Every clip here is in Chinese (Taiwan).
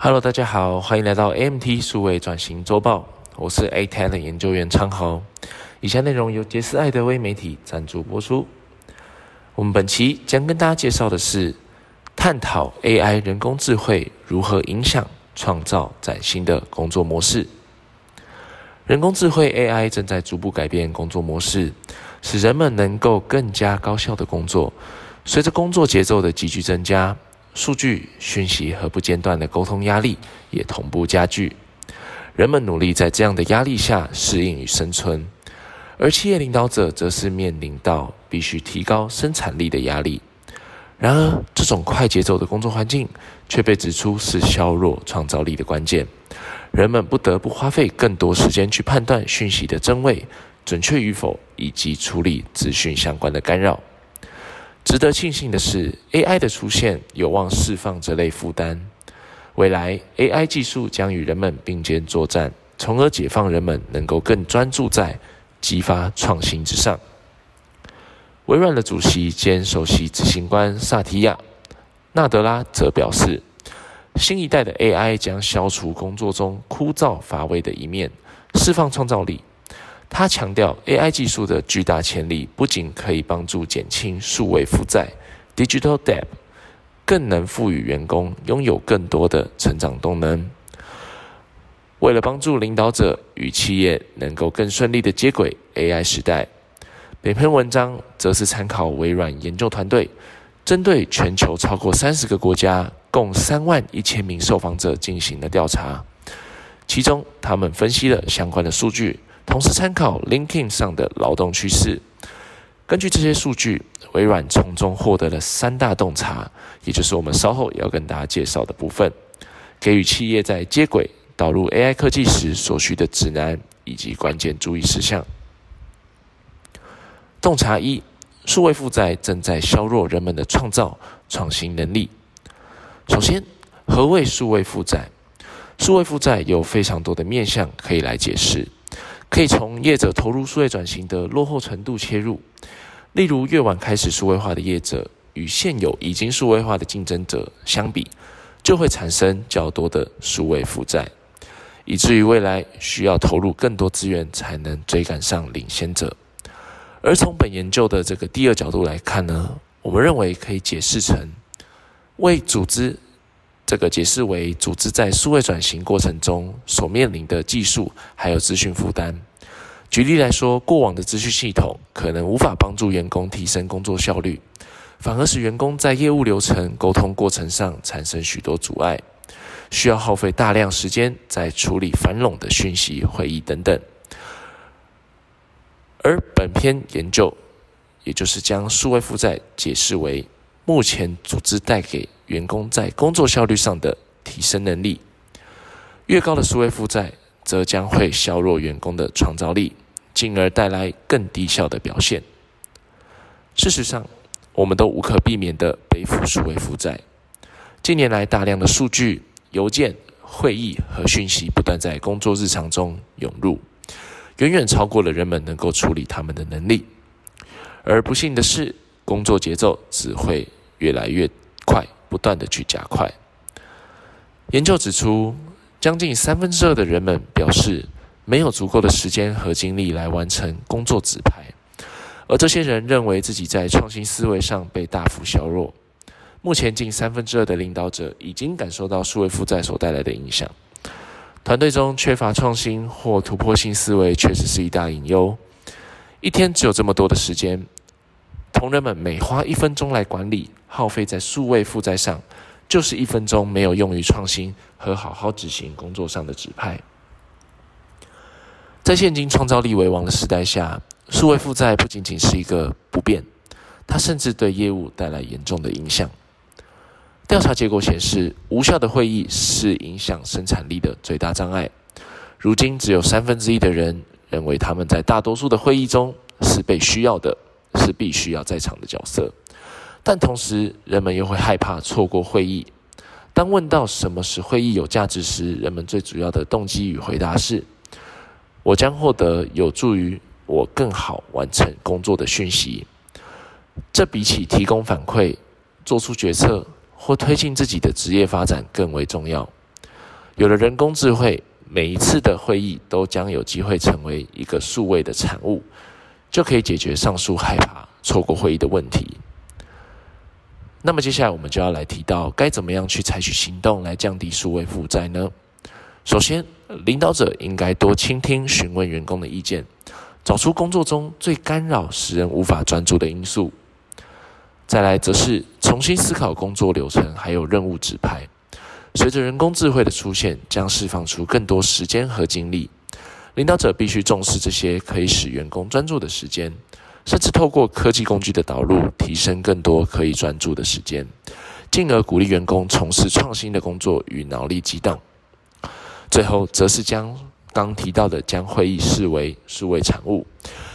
Hello，大家好，歡迎來到 AMT 數位轉型週報，我是 AMT 研究員昌豪。以下內容由傑斯愛德威媒體贊助播出。我們本期將跟大家介紹的是探討 AI 人工智慧如何影響、創造嶄新的工作模式。人工智慧 AI 正在逐步改變工作模式，使人們能夠更加高效的工作。隨着工作節奏的急劇增加。數據、訊息和不間斷的溝通壓力也同步加劇，人們努力在這樣的壓力下適應與生存，而企業領導者則是面臨到必須提高生產力的壓力。然而，這種快節奏的工作環境卻被指出是削弱創造力的關鍵。人們不得不花費更多時間去判斷訊息的真偽、準確與否，以及處理資訊相關的干擾。值得慶幸的是，AI 的出現有望釋放這類負擔。未來，AI 技術將與人們並肩作戰，從而解放人們能夠更專注在激發創新之上。微軟的主席兼首席執行官薩提亞·納德拉則表示，新一代的 AI 將消除工作中枯燥乏味的一面，釋放創造力。他強調，AI 技術的巨大潛力不僅可以幫助減輕數位負債 （digital debt），更能賦予員工擁有更多的成長動能。為了幫助領導者與企業能夠更順利地接軌 AI 時代，本篇文章則是參考微軟研究團隊針對全球超過三十個國家、共三萬一千名受訪者進行了調查，其中他們分析了相關的數據。同時參考 LinkedIn 上的勞動趨勢，根據這些數據，微軟從中獲得了三大洞察，也就是我們稍後要跟大家介紹的部分，給予企業在接軌導入 AI 科技時所需的指南以及關鍵注意事項。洞察一：數位負債正在削弱人們的創造創新能力。首先，何謂數位負債？數位負債有非常多的面向可以來解釋。可以從業者投入數位轉型的落後程度切入，例如越晚開始數位化的業者，與現有已經數位化的競爭者相比，就會產生較多的數位負債，以至於未來需要投入更多資源才能追趕上領先者。而從本研究的這個第二角度來看呢，我們認為可以解釋成為組織。這個解釋為組織在數位轉型過程中所面臨的技術還有資訊負擔。舉例來說，過往的資訊系統可能無法幫助員工提升工作效率，反而使員工在業務流程溝通過程上產生許多阻礙，需要耗費大量時間在處理繁冗的訊息、會議等等。而本篇研究，也就是將數位負債解釋為。目前組織帶給員工在工作效率上的提升能力，越高的數位負債，則將會削弱員工的創造力，進而帶來更低效的表現。事實上，我們都無可避免的背負數位負債。近年來，大量的數據、郵件、會議和訊息不斷在工作日常中湧入，遠遠超過了人們能夠處理他們的能力。而不幸的是，工作節奏只會越來越快，不斷的去加快。研究指出，將近三分之二的人們表示沒有足夠的時間和精力來完成工作指派，而這些人認為自己在創新思維上被大幅削弱。目前，近三分之二的領導者已經感受到數位負債所帶來的影響。團隊中缺乏創新或突破性思維確實是一大隱憂。一天只有這麼多的時間。同仁們每花一分鐘來管理，耗費在數位負債上，就是一分鐘沒有用於創新和好好執行工作上的指派。在現今創造力為王的時代下，數位負債不僅僅是一個不便，它甚至對業務帶來嚴重的影響。調查結果顯示，無效的會議是影響生產力的最大障礙。如今，只有三分之一的人認為他們在大多數的會議中是被需要的。是必須要在場的角色，但同時人們又會害怕錯過會議。當問到什麼使會議有價值時，人們最主要的動機與回答是：我將獲得有助於我更好完成工作的訊息。這比起提供反饋、做出決策或推進自己的職業發展更為重要。有了人工智慧，每一次的會議都將有機會成為一個數位的產物。就可以解決上述害怕錯過會議的問題。那麼接下來我們就要來提到，該怎麼樣去採取行動來降低數位負債呢？首先，領導者應該多傾聽、詢問員工的意見，找出工作中最干擾、使人無法專注的因素。再來，則是重新思考工作流程，還有任務指派。隨着人工智慧的出現，將釋放出更多時間和精力。領導者必須重視這些可以使員工專注的時間，甚至透過科技工具的導入，提升更多可以專注的時間，進而鼓勵員工從事創新的工作與腦力激盪。最後，則是將剛提到的將會議視為數位產物，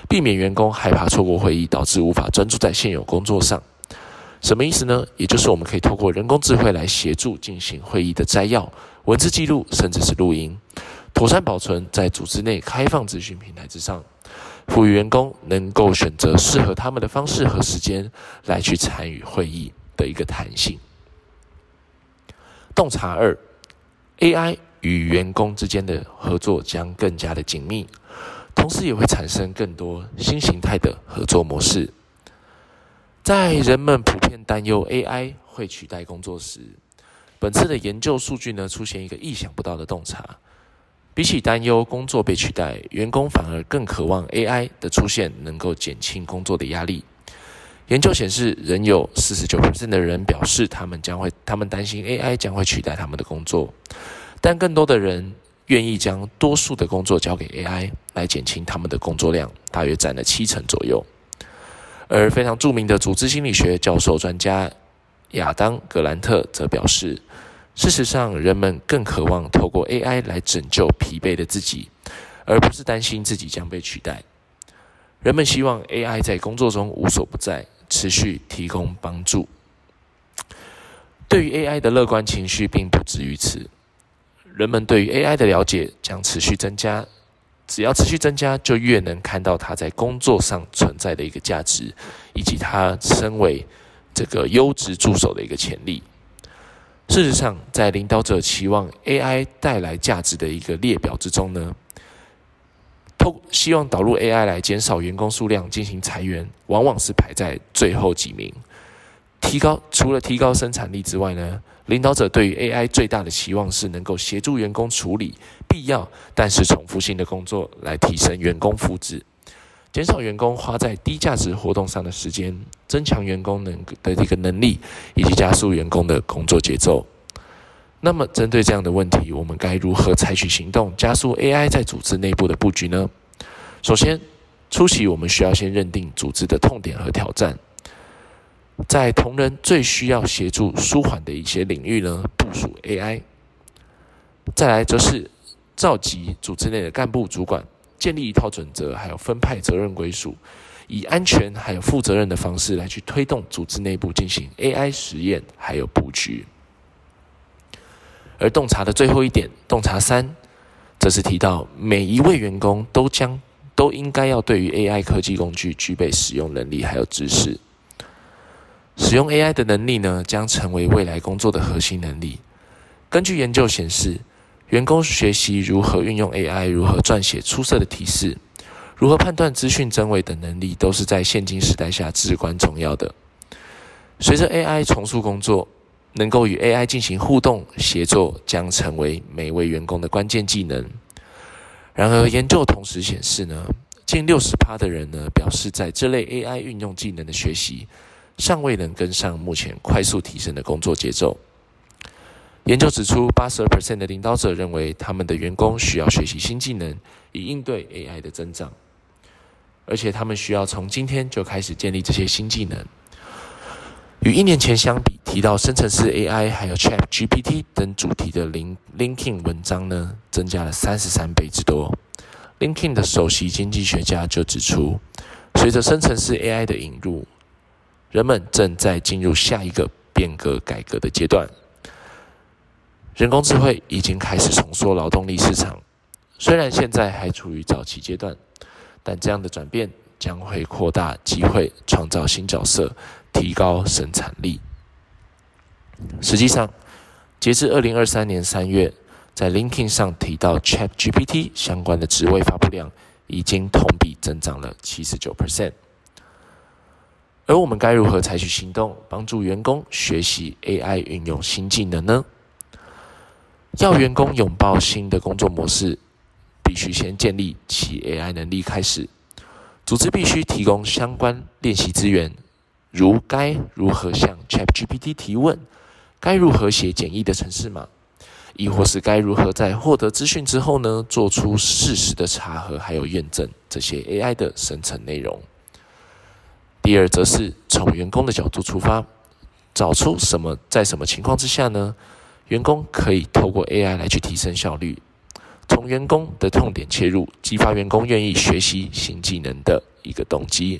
避免員工害怕錯過會議，導致無法專注在現有工作上。什麼意思呢？也就是我們可以透過人工智慧來協助進行會議的摘要、文字記錄，甚至是錄音。妥善保存在組織內開放諮詢平台之上，賦予員工能夠選擇適合他們的方式和時間來去參與會議的一個彈性。洞察二：AI 與員工之間的合作將更加的緊密，同時也會產生更多新形態的合作模式。在人們普遍擔憂 AI 會取代工作時，本次的研究數據呢，出現一個意想不到的洞察。比起擔憂工作被取代，員工反而更渴望 AI 的出現能夠減輕工作的壓力。研究顯示，仍有49%的人表示他們將會，他們擔心 AI 將會取代他們的工作，但更多的人願意將多數的工作交給 AI 來減輕他們的工作量，大約占了七成左右。而非常著名的組織心理學教授專家亞當·格蘭特則表示，事實上，人們更渴望透過 AI 來拯救疲憊的自己，而不是擔心自己將被取代。人們希望 AI 在工作中無所不在，持續提供幫助。對於 AI 的樂觀情緒並不止於此，人們對於 AI 的了解將持續增加。只要持續增加，就越能看到它在工作上存在的一個價值，以及它身為這個優質助手的一個潛力。事實上，在領導者期望 AI 帶來價值的一個列表之中呢，偷，希望導入 AI 來減少員工數量、進行裁員，往往是排在最後幾名。提高除了提高生產力之外呢，領導者對於 AI 最大的期望是能夠協助員工處理必要但是重複性的工作，來提升員工福祉，減少員工花在低價值活動上的時間。增強員工能的這個能力，以及加速員工的工作節奏。那麼，針對這樣的問題，我們該如何採取行動，加速 AI 在組織內部的佈局呢？首先，初期我們需要先認定組織的痛點和挑戰，在同仁最需要協助舒緩的一些領域呢，部署 AI。再來，則是召集組織內的幹部主管，建立一套準則，還有分派責任歸屬。以安全還有負責任的方式來去推動組織內部進行 AI 實驗還有佈局。而洞察的最後一點，洞察三，則是提到每一位員工都將，都應該要對於 AI 科技工具具，具備使用能力還有知識。使用 AI 的能力呢，將成為未來工作的核心能力。根據研究顯示，員工學習如何運用 AI，如何撰寫出色的提示，如何判斷資訊真偽的能力，都是在現今時代下至關重要的。隨着 AI 重塑工作，能夠與 AI 進行互動協作，將成為每位員工的關鍵技能。然而，研究同時顯示呢，近六十趴的人呢表示，在這類 AI 運用技能的學習，尚未能跟上目前快速提升的工作節奏。研究指出八十二 percent 的領導者認為，他們的員工需要學習新技能，以應對 AI 的增長。而且他們需要從今天就開始建立這些新技能。與一年前相比，提到生成式 AI 還有 ChatGPT 等主題的 Lin LinkedIn 文章呢，增加了三十三倍之多。LinkedIn 的首席經濟學家就指出，隨着生成式 AI 的引入，人們正在進入下一個變革改革的階段。人工智慧已經開始重塑勞動力市場，雖然現在還處於早期階段。但這樣的轉變將會擴大機會，創造新角色，提高生產力。實際上，截至二零二三年三月，在 LinkedIn 上提到 ChatGPT 相關的職位發布量已經同比增長了七十九 percent。而我們該如何採取行動，幫助員工學習 AI 運用新技能呢？要員工擁抱新的工作模式，必須先建立起 AI 能力開始，組織必須提供相關練習資源，如該如何向 ChatGPT 提問，該如何寫簡易的程式碼，亦或是該如何在獲得資訊之後呢，做出適時的查核還有驗證這些 AI 的生成內容。第二，則是從員工的角度出發，找出什麼在什麼情況之下呢，員工可以透過 AI 來去提升效率。從員工的痛點切入，激發員工願意學習新技能的一個動機。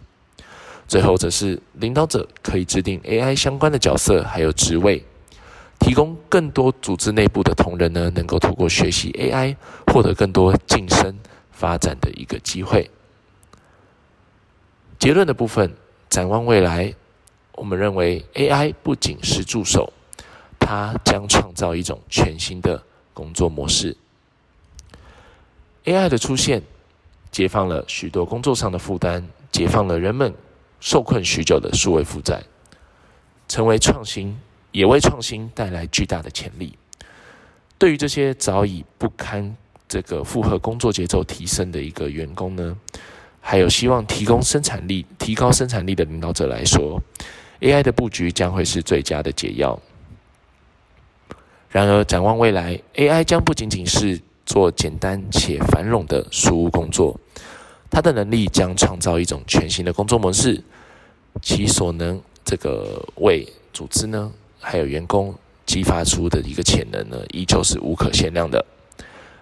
最後，則是領導者可以制定 AI 相關的角色還有職位，提供更多組織內部的同仁呢，能夠透過學習 AI，獲得更多晉升發展的一個機會。結論的部分，展望未來，我們認為 AI 不僅是助手，它將創造一種全新的工作模式。AI 的出現，解放了許多工作上的負擔，解放了人們受困許久的數位負債，成為創新，也為創新帶來巨大的潛力。對於這些早已不堪這個負荷工作節奏提升的一個員工呢，還有希望提供生產力、提高生產力的領導者來說，AI 的布局將會是最佳的解藥。然而，展望未來，AI 將不僅僅是。做簡單且繁冗的輸入工作，他的能力將創造一種全新的工作模式，其所能這個為組織呢，還有員工激發出的一個潛能呢，依舊是無可限量的。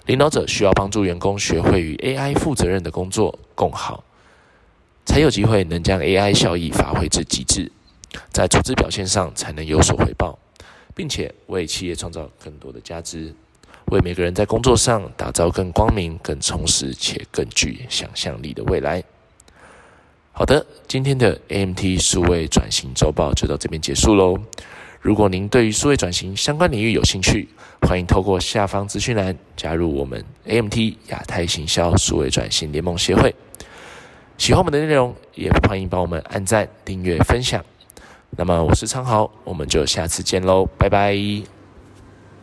領導者需要幫助員工學會與 AI 負責任的工作共好，才有機會能將 AI 效益發揮至極致，在組織表現上才能有所回報，並且為企業創造更多的價值。為每個人在工作上打造更光明、更充實且更具想象力的未來。好的，今天的 AMT 數位轉型週報就到這邊結束嘍。如果您對於數位轉型相關領域有興趣，歡迎透過下方資訊欄加入我們 AMT 亞太行銷數位轉型聯盟協會。喜歡我們的內容，也歡迎幫我們按讚、訂閱、分享。那麼我是昌豪，我們就下次見嘍，拜拜。